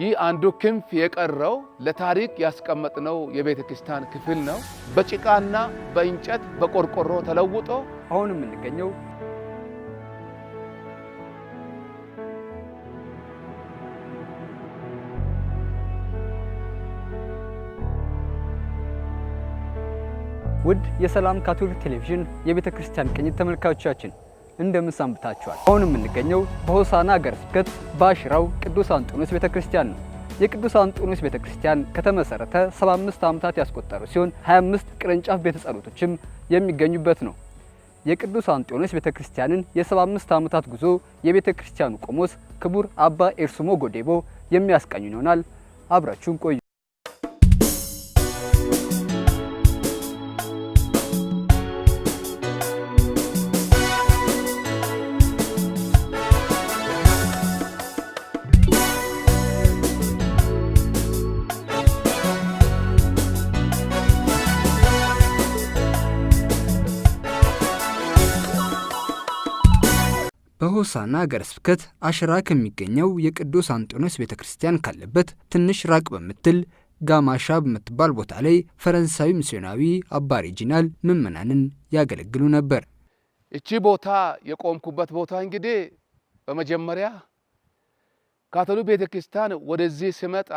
ይህ አንዱ ክንፍ የቀረው ለታሪክ ያስቀመጥነው የቤተ ክርስቲያን ክፍል ነው። በጭቃና በእንጨት በቆርቆሮ ተለውጦ አሁን የምንገኘው ውድ የሰላም ካቶሊክ ቴሌቪዥን የቤተ ክርስቲያን ቅኝት ተመልካቾቻችን እንደምን ሰንብታችኋል? አሁን የምንገኘው በሆሳና ሀገረ ስብከት በአሽራው ቅዱስ አንጦንዮስ ክርስቲያን ነው። የቅዱስ አንጦንዮስ ክርስቲያን ከተመሰረተ 75 ዓመታት ያስቆጠሩ ሲሆን 25 ቅርንጫፍ ቤተ ጸሎቶችም የሚገኙበት ነው። የቅዱስ አንጦንዮስ ክርስቲያንን የ75 ዓመታት ጉዞ የቤተ ክርስቲያኑ ቆሞስ ክቡር አባ ኤርሱሞ ጎዴቦ የሚያስቃኙን ይሆናል። አብራችሁን ቆዩ። ሆሳና ሀገረ ስብከት አሽራ ከሚገኘው የቅዱስ አንጦንስ ቤተ ክርስቲያን ካለበት ትንሽ ራቅ በምትል ጋማሻ በምትባል ቦታ ላይ ፈረንሳዊ ሚስዮናዊ አባ ሬጂናል ምዕመናንን ያገለግሉ ነበር። እቺ ቦታ የቆምኩበት ቦታ እንግዲህ በመጀመሪያ ካቶሊክ ቤተ ክርስቲያን ወደዚህ ስመጣ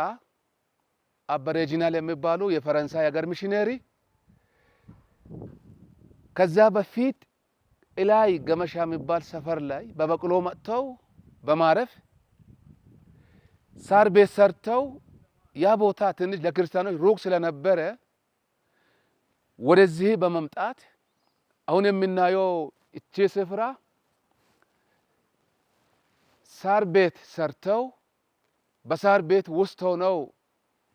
አባ የሚባሉ የፈረንሳይ ሀገር ሚሽነሪ ከዛ በፊት እላይ ገመሻ የሚባል ሰፈር ላይ በበቅሎ መጥተው በማረፍ ሳር ቤት ሰርተው ያ ቦታ ትንሽ ለክርስቲያኖች ሩቅ ስለነበረ ወደዚህ በመምጣት አሁን የምናየው እቺ ስፍራ ሳር ቤት ሰርተው በሳር ቤት ውስጥ ሆነው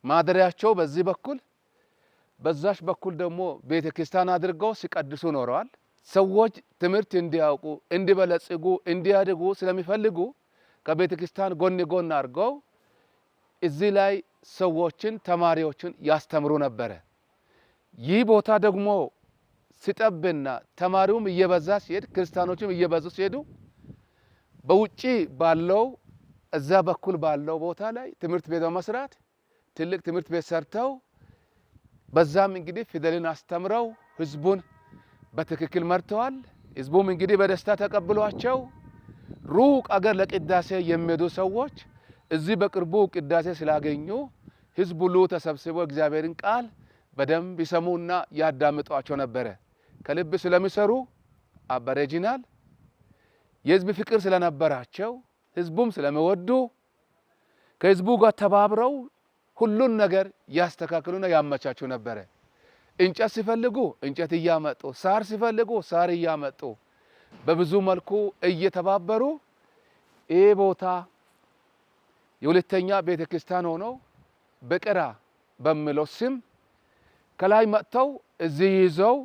ማደሪያቸው በዚህ በኩል በዛች በኩል ደግሞ ቤተ ክርስቲያን አድርገው ሲቀድሱ ኖረዋል። ሰዎች ትምህርት እንዲያውቁ፣ እንዲበለጽጉ፣ እንዲያድጉ ስለሚፈልጉ ከቤተ ክርስቲያን ጎን ጎን አድርገው እዚህ ላይ ሰዎችን ተማሪዎችን ያስተምሩ ነበረ። ይህ ቦታ ደግሞ ሲጠብና ተማሪውም እየበዛ ሲሄድ ክርስቲያኖችም እየበዙ ሲሄዱ በውጭ ባለው እዛ በኩል ባለው ቦታ ላይ ትምህርት ቤት በመስራት ትልቅ ትምህርት ቤት ሰርተው በዛም እንግዲህ ፊደልን አስተምረው ህዝቡን በትክክል መርተዋል። ህዝቡም እንግዲህ በደስታ ተቀብሏቸው ሩቅ አገር ለቅዳሴ የሚሄዱ ሰዎች እዚህ በቅርቡ ቅዳሴ ስላገኙ ህዝብ ሁሉ ተሰብስቦ እግዚአብሔርን ቃል በደንብ ይሰሙና ያዳምጧቸው ነበረ። ከልብ ስለሚሰሩ አበሬጂናል የህዝብ ፍቅር ስለነበራቸው ህዝቡም ስለሚወዱ ከህዝቡ ጋር ተባብረው ሁሉን ነገር ያስተካክሉና ያመቻቹ ነበረ። እንጨት ሲፈልጉ እንጨት እያመጡ፣ ሳር ሲፈልጉ ሳር እያመጡ በብዙ መልኩ እየተባበሩ ይህ ቦታ የሁለተኛ ቤተ ክርስቲያን ሆኖ በቀራ በሚለው ስም ከላይ መጥተው እዚህ ይዘው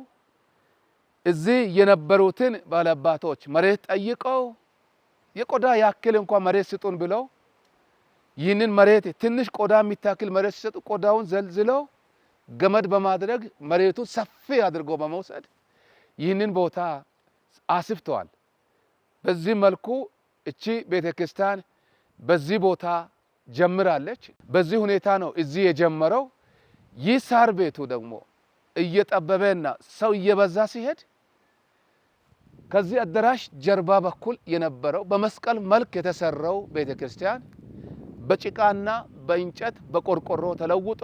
እዚህ የነበሩትን ባለአባቶች መሬት ጠይቀው የቆዳ ያክል እንኳ መሬት ስጡን ብለው ይህንን መሬት ትንሽ ቆዳ የሚታክል መሬት ሲሰጡ ቆዳውን ዘልዝለው ገመድ በማድረግ መሬቱ ሰፊ አድርጎ በመውሰድ ይህንን ቦታ አስፍተዋል። በዚህ መልኩ እቺ ቤተ ክርስቲያን በዚህ ቦታ ጀምራለች። በዚህ ሁኔታ ነው እዚህ የጀመረው። ይህ ሳር ቤቱ ደግሞ እየጠበበና ሰው እየበዛ ሲሄድ ከዚህ አዳራሽ ጀርባ በኩል የነበረው በመስቀል መልክ የተሰራው ቤተ ክርስቲያን በጭቃና በእንጨት በቆርቆሮ ተለውጦ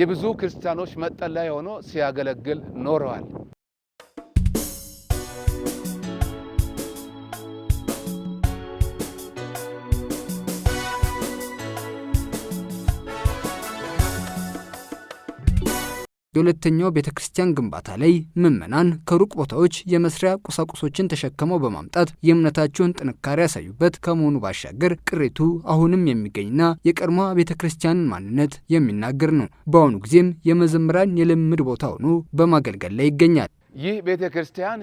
የብዙ ክርስቲያኖች መጠለያ ሆኖ ሲያገለግል ኖረዋል። የሁለተኛው ቤተ ክርስቲያን ግንባታ ላይ ምዕመናን ከሩቅ ቦታዎች የመስሪያ ቁሳቁሶችን ተሸክመው በማምጣት የእምነታቸውን ጥንካሬ ያሳዩበት ከመሆኑ ባሻገር ቅሪቱ አሁንም የሚገኝና የቀድሞ ቤተ ክርስቲያንን ማንነት የሚናገር ነው። በአሁኑ ጊዜም የመዘምራን የልምድ ቦታ ሆኖ በማገልገል ላይ ይገኛል። ይህ ቤተ ክርስቲያን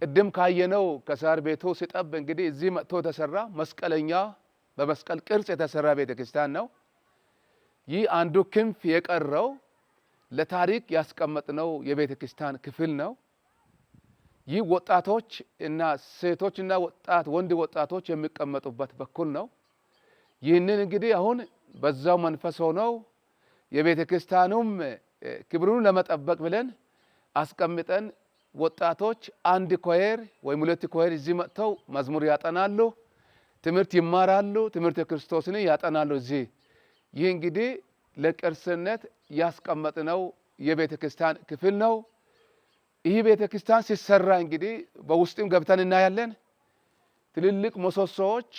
ቅድም ካየነው ከሳር ቤቱ ሲጠብ እንግዲህ እዚህ መጥቶ የተሰራ መስቀለኛ በመስቀል ቅርጽ የተሰራ ቤተ ክርስቲያን ነው። ይህ አንዱ ክንፍ የቀረው ለታሪክ ያስቀመጥነው የቤተ ክርስቲያን ክፍል ነው። ይህ ወጣቶች እና ሴቶችና ወጣት ወንድ ወጣቶች የሚቀመጡበት በኩል ነው። ይህንን እንግዲህ አሁን በዛው መንፈስ ሆነው የቤተ ክርስቲያኑም ክብሩን ለመጠበቅ ብለን አስቀምጠን ወጣቶች አንድ ኮየር ወይም ሁለት ኮየር እዚህ መጥተው መዝሙር ያጠናሉ፣ ትምህርት ይማራሉ፣ ትምህርተ ክርስቶስን ያጠናሉ እዚህ ይህ እንግዲህ ለቅርስነት ያስቀመጥነው የቤተ ክርስቲያን ክፍል ነው። ይህ ቤተ ክርስቲያን ሲሰራ እንግዲህ በውስጥም ገብተን እናያለን። ትልልቅ ምሰሶዎች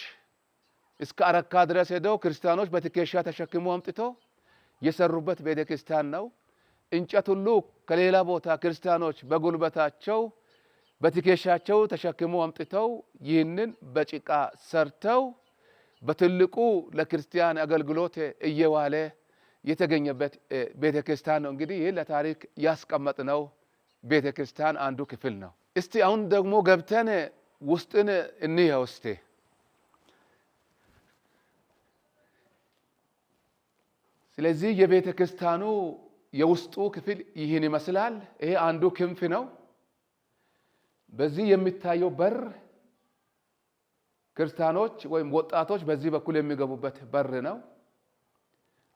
እስከ አረካ ድረስ ሄደው ክርስቲያኖች በትከሻ ተሸክሞ አምጥቶ የሰሩበት ቤተ ክርስቲያን ነው። እንጨት ሁሉ ከሌላ ቦታ ክርስቲያኖች በጉልበታቸው በትከሻቸው ተሸክሞ አምጥተው ይህንን በጭቃ ሰርተው በትልቁ ለክርስቲያን አገልግሎት እየዋለ የተገኘበት ቤተ ክርስቲያን ነው። እንግዲህ ይህ ለታሪክ ያስቀመጥነው ቤተ ክርስቲያን አንዱ ክፍል ነው። እስቲ አሁን ደግሞ ገብተን ውስጥን እንየው እስቴ ስለዚህ የቤተ ክርስቲያኑ የውስጡ ክፍል ይህን ይመስላል። ይሄ አንዱ ክንፍ ነው። በዚህ የሚታየው በር ክርስቲያኖች ወይም ወጣቶች በዚህ በኩል የሚገቡበት በር ነው።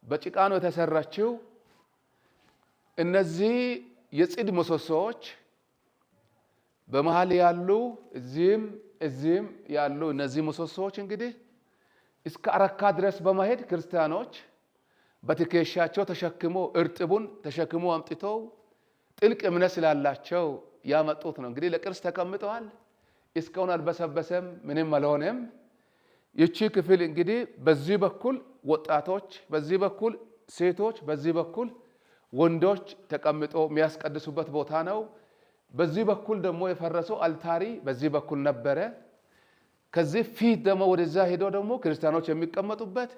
በጭቃ ነው የተሰራችው። እነዚህ የጽድ ምሰሶዎች በመሀል ያሉ እዚህም እዚህም ያሉ እነዚህ ምሰሶዎች እንግዲህ እስከ አረካ ድረስ በመሄድ ክርስቲያኖች በትከሻቸው ተሸክሞ እርጥቡን ተሸክሞ አምጥተው ጥልቅ እምነት ስላላቸው ያመጡት ነው። እንግዲህ ለቅርስ ተቀምጠዋል። እስካሁን አልበሰበሰም፣ ምንም አልሆነም። ይቺ ክፍል እንግዲህ በዚህ በኩል ወጣቶች፣ በዚህ በኩል ሴቶች፣ በዚህ በኩል ወንዶች ተቀምጦ የሚያስቀድሱበት ቦታ ነው። በዚህ በኩል ደግሞ የፈረሰው አልታሪ በዚህ በኩል ነበረ። ከዚህ ፊት ደግሞ ወደዛ ሄዶ ደግሞ ክርስቲያኖች የሚቀመጡበት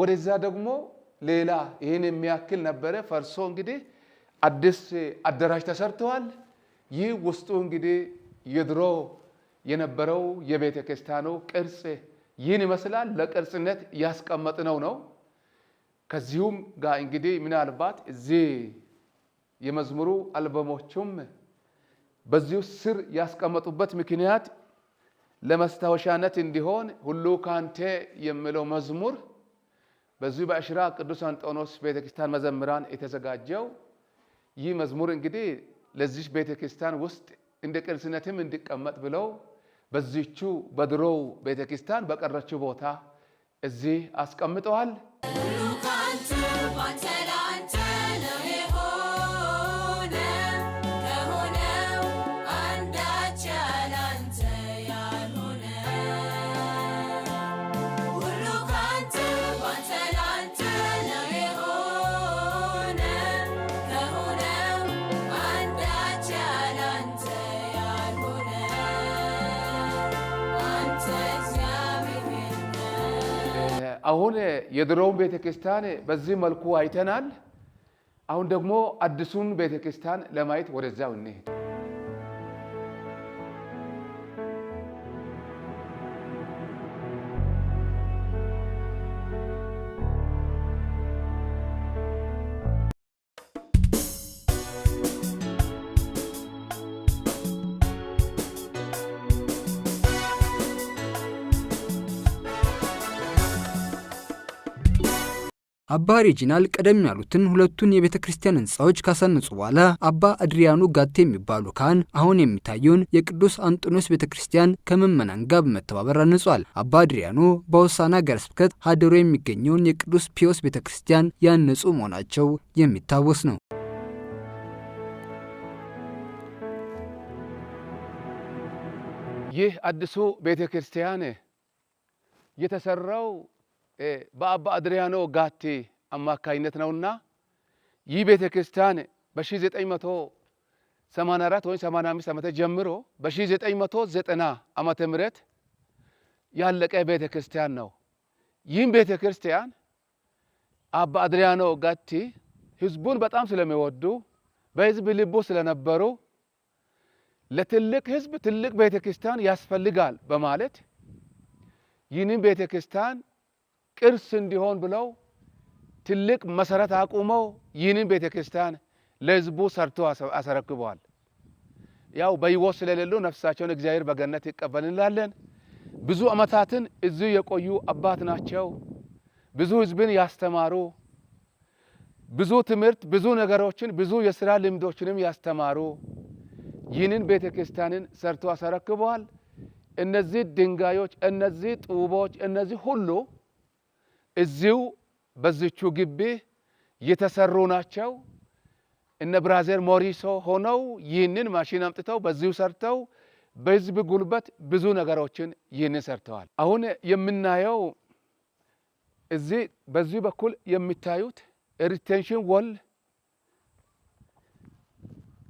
ወደዛ ደግሞ ሌላ ይህን የሚያክል ነበረ። ፈርሶ እንግዲህ አዲስ አዳራሽ ተሰርተዋል። ይህ ውስጡ እንግዲህ የድሮ የነበረው የቤተ ክርስቲያኑ ቅርጽ ይህን ይመስላል። ለቅርጽነት ያስቀመጥነው ነው። ከዚሁም ጋር እንግዲህ ምናልባት እዚህ የመዝሙሩ አልበሞቹም በዚሁ ስር ያስቀመጡበት ምክንያት ለመስታወሻነት እንዲሆን ሁሉ ካንተ የሚለው መዝሙር በዚሁ በእሽራ ቅዱስ አንጦኖስ ቤተክርስቲያን መዘምራን የተዘጋጀው ይህ መዝሙር እንግዲህ ለዚህ ቤተክርስቲያን ውስጥ እንደ ቅርስነትም እንዲቀመጥ ብለው በዚቹ በድሮው ቤተ ክርስቲያን በቀረችው ቦታ እዚህ አስቀምጠዋል። አሁን የድሮውን ቤተ ክርስቲያን በዚህ መልኩ አይተናል። አሁን ደግሞ አዲሱን ቤተ ክርስቲያን ለማየት ወደዚያው እንሄድ። አባ ሪጂናል ቀደም ያሉትን ሁለቱን የቤተ ክርስቲያን ህንፃዎች ካሳነጹ በኋላ አባ አድሪያኑ ጋቴ የሚባሉ ካህን አሁን የሚታየውን የቅዱስ አንጦኖስ ቤተ ክርስቲያን ከምዕመናን ጋር በመተባበር አንጿል። አባ አድሪያኑ በሆሳዕና ሀገረ ስብከት ሀደሮ የሚገኘውን የቅዱስ ፒዮስ ቤተ ክርስቲያን ያነጹ መሆናቸው የሚታወስ ነው። ይህ አዲሱ ቤተ ክርስቲያን የተሰራው በአባ አድሪያኖ ጋቲ አማካይነት ነውና ይህ ቤተ ክርስቲያን በ1984 ወይም 85 ዓመተ ጀምሮ በ1990 ዓመተ ምህረት ያለቀ ቤተ ክርስቲያን ነው። ይህም ቤተ ክርስቲያን አባ አድሪያኖ ጋቲ ህዝቡን በጣም ስለሚወዱ በህዝብ ልቡ ስለነበሩ ለትልቅ ህዝብ ትልቅ ቤተ ክርስቲያን ያስፈልጋል በማለት ይህንን ቤተ ክርስቲያን ቅርስ እንዲሆን ብለው ትልቅ መሰረት አቁመው ይህንን ቤተ ክርስቲያን ለህዝቡ ሰርቶ አስረክበዋል። ያው በሕይወት ስለሌሉ ነፍሳቸውን እግዚአብሔር በገነት ይቀበል እንላለን። ብዙ ዓመታትን እዚሁ የቆዩ አባት ናቸው። ብዙ ህዝብን ያስተማሩ፣ ብዙ ትምህርት፣ ብዙ ነገሮችን፣ ብዙ የሥራ ልምዶችንም ያስተማሩ ይህንን ቤተ ክርስቲያንን ሰርቶ አስረክበዋል። እነዚህ ድንጋዮች፣ እነዚህ ጡቦች፣ እነዚህ ሁሉ እዚሁ በዝቹ ግቢ የተሰሩ ናቸው። እነ ብራዘር ሞሪሶ ሆነው ይህንን ማሽን አምጥተው በዚሁ ሰርተው በህዝብ ጉልበት ብዙ ነገሮችን ይህንን ሰርተዋል። አሁን የምናየው እዚህ በዚህ በኩል የሚታዩት ሪቴንሽን ወል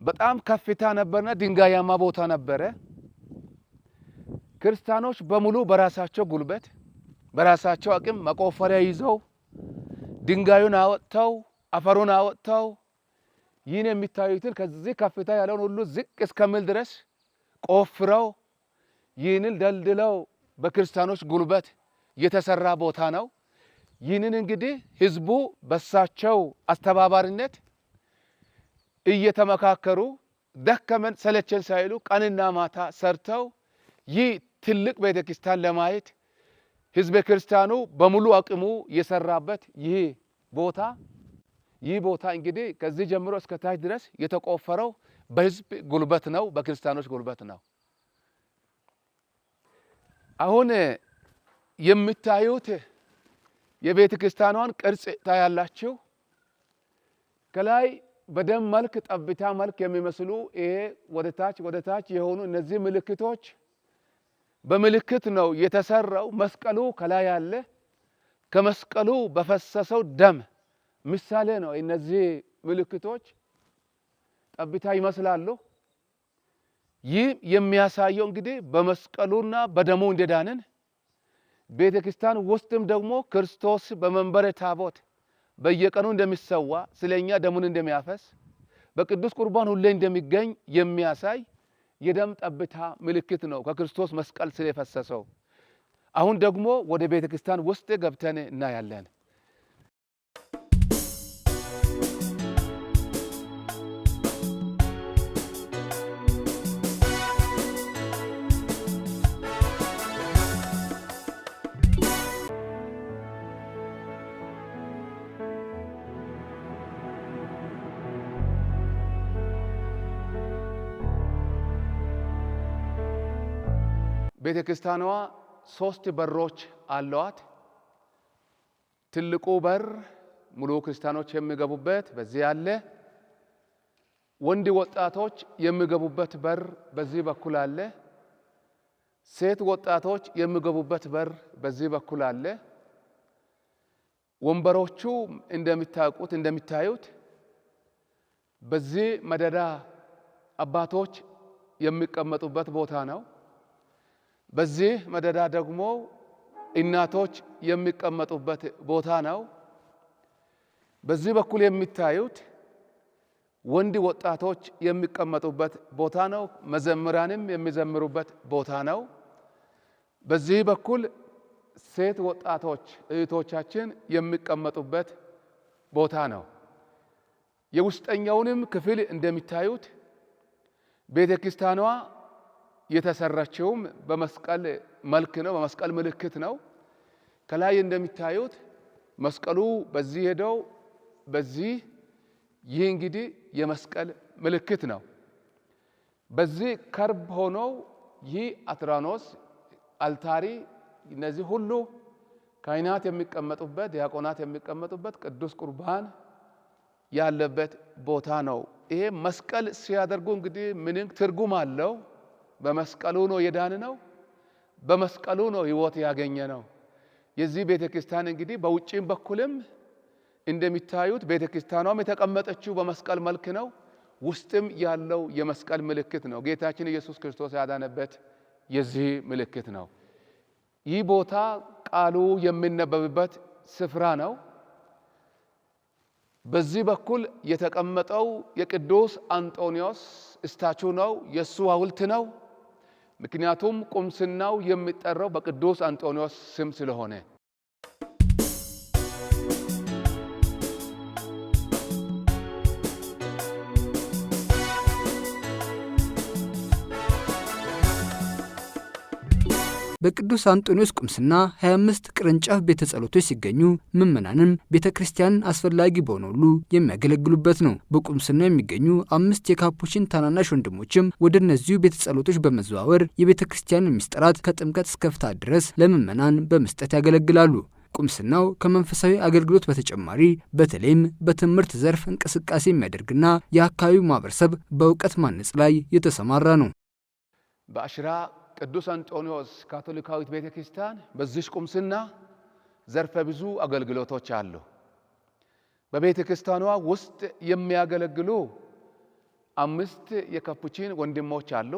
በጣም ከፍታ ነበርና ድንጋያማ ቦታ ነበረ። ክርስቲያኖች በሙሉ በራሳቸው ጉልበት በራሳቸው አቅም መቆፈሪያ ይዘው ድንጋዩን አወጥተው አፈሩን አወጥተው ይህን የሚታዩትን ከዚህ ከፍታ ያለውን ሁሉ ዝቅ እስከሚል ድረስ ቆፍረው ይህንን ደልድለው በክርስቲያኖች ጉልበት የተሰራ ቦታ ነው። ይህንን እንግዲህ ህዝቡ በሳቸው አስተባባሪነት እየተመካከሩ ደከመን ሰለቸን ሳይሉ ቀንና ማታ ሰርተው ይህ ትልቅ ቤተ ክርስቲያን ለማየት ህዝበ ክርስቲያኑ በሙሉ አቅሙ የሰራበት ይህ ቦታ ይህ ቦታ እንግዲህ ከዚህ ጀምሮ እስከ ታች ድረስ የተቆፈረው በህዝብ ጉልበት ነው፣ በክርስቲያኖች ጉልበት ነው። አሁን የምታዩት የቤተ ክርስቲያኗን ቅርጽ ታያላችሁ። ከላይ በደም መልክ ጠብታ መልክ የሚመስሉ ይሄ ወደ ታች ወደ ታች የሆኑ እነዚህ ምልክቶች በምልክት ነው የተሰራው። መስቀሉ ከላይ አለ ከመስቀሉ በፈሰሰው ደም ምሳሌ ነው። እነዚህ ምልክቶች ጠብታ ይመስላሉ። ይህ የሚያሳየው እንግዲህ በመስቀሉና በደሙ እንደዳንን ቤተ ክርስቲያን ውስጥም ደግሞ ክርስቶስ በመንበረ ታቦት በየቀኑ እንደሚሰዋ ስለኛ ደሙን እንደሚያፈስ በቅዱስ ቁርባን ሁሌ እንደሚገኝ የሚያሳይ የደም ጠብታ ምልክት ነው ከክርስቶስ መስቀል ስር አሁን ደግሞ ወደ ቤተ ክርስቲያን ውስጥ ገብተን እናያለን። ቤተ ክርስቲያኗ ሶስት በሮች አለዋት። ትልቁ በር ሙሉ ክርስቲያኖች የሚገቡበት በዚህ አለ። ወንድ ወጣቶች የሚገቡበት በር በዚህ በኩል አለ። ሴት ወጣቶች የሚገቡበት በር በዚህ በኩል አለ። ወንበሮቹ እንደሚታውቁት እንደሚታዩት በዚህ መደዳ አባቶች የሚቀመጡበት ቦታ ነው። በዚህ መደዳ ደግሞ እናቶች የሚቀመጡበት ቦታ ነው። በዚህ በኩል የሚታዩት ወንድ ወጣቶች የሚቀመጡበት ቦታ ነው። መዘምራንም የሚዘምሩበት ቦታ ነው። በዚህ በኩል ሴት ወጣቶች እህቶቻችን የሚቀመጡበት ቦታ ነው። የውስጠኛውንም ክፍል እንደሚታዩት ቤተ ክርስቲያኗ የተሰራችውም በመስቀል መልክ ነው፣ በመስቀል ምልክት ነው። ከላይ እንደሚታዩት መስቀሉ በዚህ ሄደው በዚህ ይህ እንግዲህ የመስቀል ምልክት ነው። በዚህ ከርብ ሆነው ይህ አትራኖስ አልታሪ፣ እነዚህ ሁሉ ካህናት የሚቀመጡበት ዲያቆናት የሚቀመጡበት ቅዱስ ቁርባን ያለበት ቦታ ነው። ይሄ መስቀል ሲያደርጉ እንግዲህ ምን ትርጉም አለው? በመስቀሉ ነው የዳን ነው። በመስቀሉ ነው ህይወት ያገኘ ነው። የዚህ ቤተ ክርስቲያን እንግዲህ በውጭም በኩልም እንደሚታዩት ቤተ ክርስቲያኗም የተቀመጠችው በመስቀል መልክ ነው። ውስጥም ያለው የመስቀል ምልክት ነው። ጌታችን ኢየሱስ ክርስቶስ ያዳነበት የዚህ ምልክት ነው። ይህ ቦታ ቃሉ የሚነበብበት ስፍራ ነው። በዚህ በኩል የተቀመጠው የቅዱስ አንጦኒዎስ እስታቹ ነው፣ የእሱ ሐውልት ነው። ምክንያቱም ቁምስናው የሚጠራው በቅዱስ አንጦኒዎስ ስም ስለሆነ በቅዱስ አንጦኒዎስ ቁምስና 25 ቅርንጫፍ ቤተ ጸሎቶች ሲገኙ ምዕመናንም ቤተ ክርስቲያን አስፈላጊ በሆነ ሁሉ የሚያገለግሉበት ነው። በቁምስና የሚገኙ አምስት የካፖችን ታናናሽ ወንድሞችም ወደ እነዚሁ ቤተ ጸሎቶች በመዘዋወር የቤተ ሚስጥራት ከጥምቀት እስከ ፍታ ድረስ ለምዕመናን በመስጠት ያገለግላሉ። ቁምስናው ከመንፈሳዊ አገልግሎት በተጨማሪ በተለይም በትምህርት ዘርፍ እንቅስቃሴ የሚያደርግና የአካባቢው ማህበረሰብ በእውቀት ማነጽ ላይ የተሰማራ ነው። በአሽራ ቅዱስ አንጦኒዎስ ካቶሊካዊት ቤተ ክርስቲያን በዚህ ቁምስና ዘርፈ ብዙ አገልግሎቶች አሉ። በቤተ ክርስቲያኗ ውስጥ የሚያገለግሉ አምስት የካፑቺን ወንድሞች አሉ።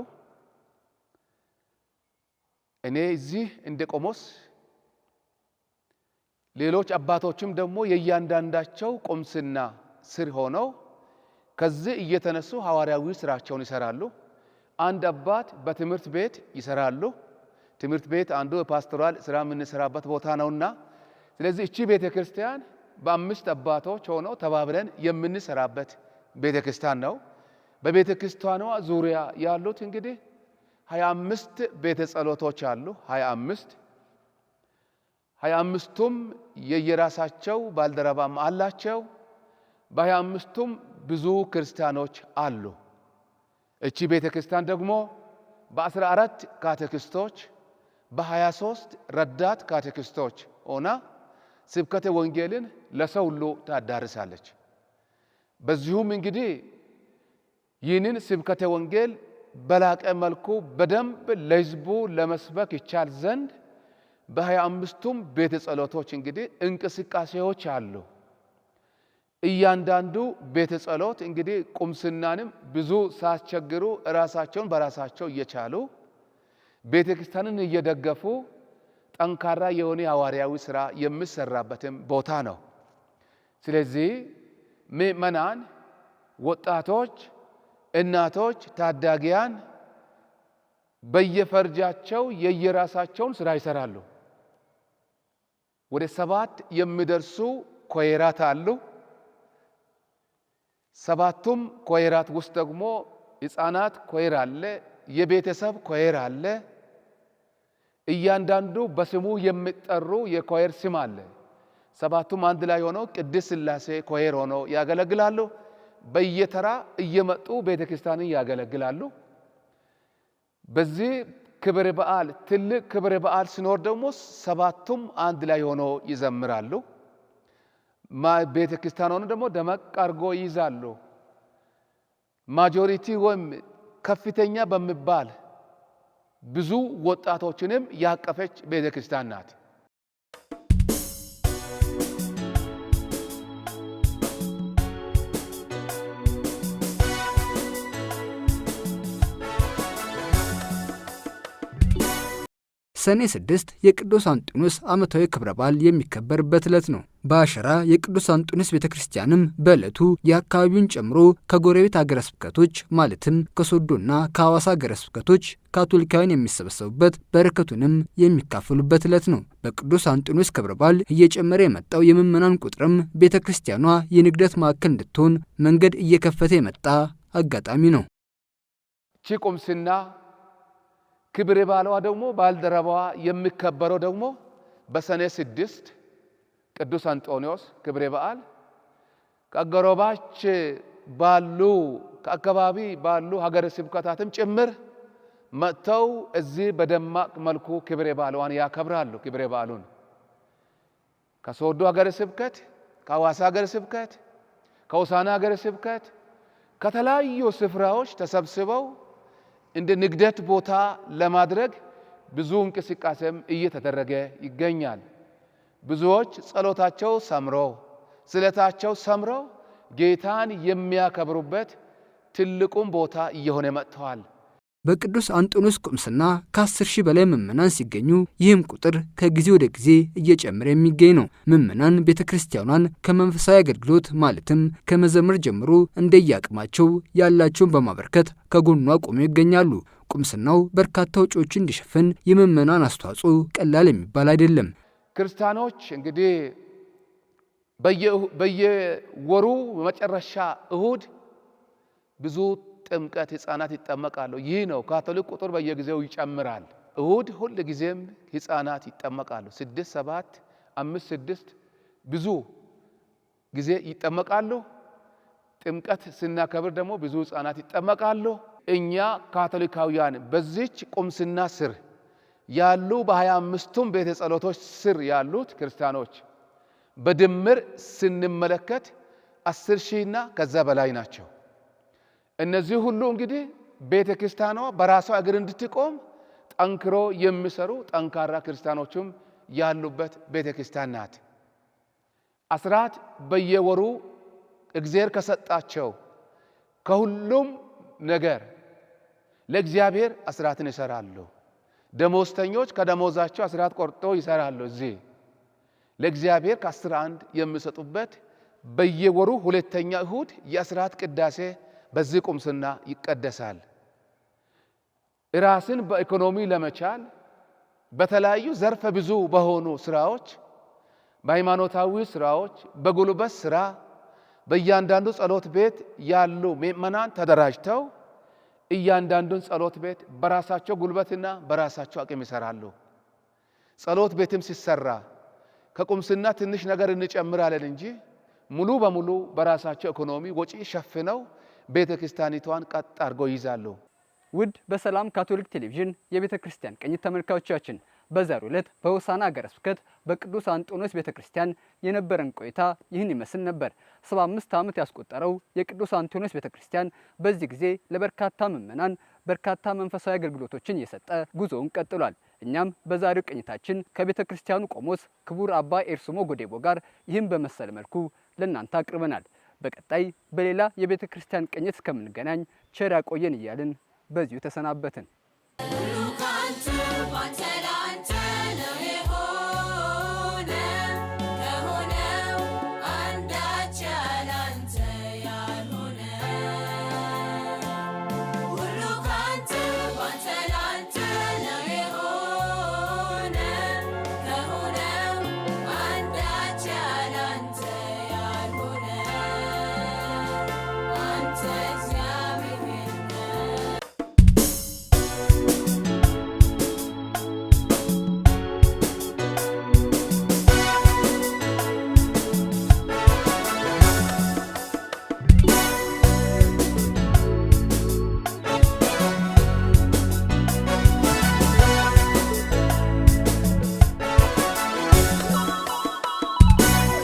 እኔ እዚህ እንደ ቆሞስ፣ ሌሎች አባቶችም ደግሞ የእያንዳንዳቸው ቁምስና ስር ሆነው ከዚህ እየተነሱ ሐዋርያዊ ስራቸውን ይሰራሉ። አንድ አባት በትምህርት ቤት ይሰራሉ። ትምህርት ቤት አንዱ ፓስቶራል ስራ የምንሰራበት ቦታ ነውና፣ ስለዚህ እቺ ቤተ ክርስቲያን በአምስት አባቶች ሆኖ ተባብረን የምንሰራበት ቤተ ክርስቲያን ነው። በቤተ ክርስቲያኗ ዙሪያ ያሉት እንግዲህ ሀያ አምስት ቤተ ጸሎቶች አሉ። ሀያ አምስት ሀያ አምስቱም የየራሳቸው ባልደረባም አላቸው። በሀያ አምስቱም ብዙ ክርስቲያኖች አሉ። እቺ ቤተ ክርስቲያን ደግሞ በአስራ አራት ካቴክስቶች በሀያ ሶስት ረዳት ካቴክስቶች ሆና ስብከተ ወንጌልን ለሰው ሁሉ ታዳርሳለች። በዚሁም እንግዲህ ይህንን ስብከተ ወንጌል በላቀ መልኩ በደንብ ለሕዝቡ ለመስበክ ይቻል ዘንድ በሀያ አምስቱም ቤተ ጸሎቶች እንግዲህ እንቅስቃሴዎች አሉ። እያንዳንዱ ቤተ ጸሎት እንግዲህ ቁምስናንም ብዙ ሳስቸግሩ ራሳቸውን በራሳቸው እየቻሉ ቤተ ክርስቲያንን እየደገፉ ጠንካራ የሆነ ሐዋርያዊ ሥራ የሚሰራበትም ቦታ ነው። ስለዚህ ምእመናን፣ ወጣቶች፣ እናቶች፣ ታዳጊያን በየፈርጃቸው የየራሳቸውን ሥራ ይሰራሉ። ወደ ሰባት የሚደርሱ ኮይራት አሉ። ሰባቱም ኮይራት ውስጥ ደግሞ ሕፃናት ኮይር አለ፣ የቤተሰብ ኮይር አለ። እያንዳንዱ በስሙ የሚጠሩ የኮየር ስም አለ። ሰባቱም አንድ ላይ ሆኖ ቅድስት ሥላሴ ኮየር ሆኖ ያገለግላሉ። በየተራ እየመጡ ቤተ ክርስቲያንን ያገለግላሉ። በዚህ ክብረ በዓል ትልቅ ክብረ በዓል ሲኖር ደግሞ ሰባቱም አንድ ላይ ሆኖ ይዘምራሉ። ቤተ ክርስቲያኑን ደግሞ ደመቅ አድርጎ ይይዛሉ። ማጆሪቲ ወይም ከፍተኛ በሚባል ብዙ ወጣቶችንም ያቀፈች ቤተ ክርስቲያን ናት። ሰኔ 6 የቅዱስ አንጦንዮስ ዓመታዊ ክብረ በዓል የሚከበርበት ዕለት ነው። በአሸራ የቅዱስ አንጦንዮስ ቤተ ክርስቲያንም በዕለቱ የአካባቢውን ጨምሮ ከጎረቤት አገረ ስብከቶች ማለትም ከሶዶና ከሐዋሳ አገረ ስብከቶች ካቶሊካውያን የሚሰበሰቡበት በረከቱንም የሚካፈሉበት ዕለት ነው። በቅዱስ አንጦንዮስ ክብረ በዓል እየጨመረ የመጣው የምዕመናን ቁጥርም ቤተ ክርስቲያኗ የንግደት ማዕከል እንድትሆን መንገድ እየከፈተ የመጣ አጋጣሚ ነው። ቺ ክብር ባለዋ ደግሞ ባልደረባዋ የሚከበረው ደግሞ በሰኔ ስድስት ቅዱስ አንጦኒዎስ ክብሬ በዓል ከአጎራባች ባሉ ከአካባቢ ባሉ ሀገረ ስብከታትም ጭምር መጥተው እዚህ በደማቅ መልኩ ክብሬ በዓልዋን ያከብራሉ። ክብሬ በዓሉን ከሶዶ ሀገረ ስብከት፣ ከአዋሳ ሀገረ ስብከት፣ ከውሳና ሀገረ ስብከት ከተለያዩ ስፍራዎች ተሰብስበው እንደ ንግደት ቦታ ለማድረግ ብዙ እንቅስቃሴም እየተደረገ ይገኛል። ብዙዎች ጸሎታቸው ሰምሮ ስለታቸው ሰምሮ ጌታን የሚያከብሩበት ትልቁም ቦታ እየሆነ መጥተዋል። በቅዱስ አንጦኖስ ቁምስና ከ10 ሺህ በላይ ምዕመናን ሲገኙ ይህም ቁጥር ከጊዜ ወደ ጊዜ እየጨመረ የሚገኝ ነው። ምዕመናን ቤተ ክርስቲያኗን ከመንፈሳዊ አገልግሎት ማለትም ከመዘምር ጀምሮ እንደየአቅማቸው ያላቸውን በማበርከት ከጎኗ ቆመው ይገኛሉ። ቁምስናው በርካታ ወጪዎችን እንዲሸፍን የምዕመናን አስተዋጽኦ ቀላል የሚባል አይደለም። ክርስቲያኖች እንግዲህ በየወሩ መጨረሻ እሁድ ብዙ ጥምቀት ህፃናት ይጠመቃሉ። ይህ ነው ካቶሊክ ቁጥር በየጊዜው ይጨምራል። እሁድ ሁል ጊዜም ህፃናት ይጠመቃሉ። ስድስት ሰባት አምስት ስድስት ብዙ ጊዜ ይጠመቃሉ። ጥምቀት ስናከብር ደግሞ ብዙ ህፃናት ይጠመቃሉ። እኛ ካቶሊካውያን በዚች ቁምስና ስር ያሉ በሀያ አምስቱም ቤተ ጸሎቶች ስር ያሉት ክርስቲያኖች በድምር ስንመለከት አስር ሺህና ከዛ በላይ ናቸው። እነዚህ ሁሉ እንግዲህ ቤተ ክርስቲያኗ በራሷ እግር እንድትቆም ጠንክሮ የሚሰሩ ጠንካራ ክርስቲያኖችም ያሉበት ቤተ ክርስቲያን ናት። አስራት በየወሩ እግዚአብሔር ከሰጣቸው ከሁሉም ነገር ለእግዚአብሔር አስራትን ይሰራሉ። ደሞዝተኞች ከደሞዛቸው አስራት ቆርጦ ይሰራሉ። እዚህ ለእግዚአብሔር ከአስራ አንድ የሚሰጡበት በየወሩ ሁለተኛ እሁድ የአስራት ቅዳሴ በዚህ ቁምስና ይቀደሳል። ራስን በኢኮኖሚ ለመቻል በተለያዩ ዘርፈ ብዙ በሆኑ ስራዎች፣ በሃይማኖታዊ ስራዎች፣ በጉልበት ስራ በእያንዳንዱ ጸሎት ቤት ያሉ ምእመናን ተደራጅተው እያንዳንዱን ጸሎት ቤት በራሳቸው ጉልበትና በራሳቸው አቅም ይሰራሉ። ጸሎት ቤትም ሲሰራ ከቁምስና ትንሽ ነገር እንጨምራለን እንጂ ሙሉ በሙሉ በራሳቸው ኢኮኖሚ ወጪ ሸፍነው ቤተ ክርስቲያኒቷን ቀጥ አድርጎ ይይዛሉ። ውድ በሰላም ካቶሊክ ቴሌቪዥን የቤተ ክርስቲያን ቅኝት ተመልካዮቻችን በዛሬው ዕለት በሆሳዕና ሀገረ ስብከት በቅዱስ አንጦኖስ ቤተ ክርስቲያን የነበረን ቆይታ ይህን ይመስል ነበር። 75 ዓመት ያስቆጠረው የቅዱስ አንጦኖስ ቤተ ክርስቲያን በዚህ ጊዜ ለበርካታ ምዕመናን በርካታ መንፈሳዊ አገልግሎቶችን እየሰጠ ጉዞውን ቀጥሏል። እኛም በዛሬው ቅኝታችን ከቤተ ክርስቲያኑ ቆሞስ ክቡር አባ ኤርሱሞ ጎዴቦ ጋር ይህን በመሰለ መልኩ ለእናንተ አቅርበናል። በቀጣይ በሌላ የቤተ ክርስቲያን ቅኝት እስከምንገናኝ ቸር ያቆየን እያልን በዚሁ ተሰናበትን።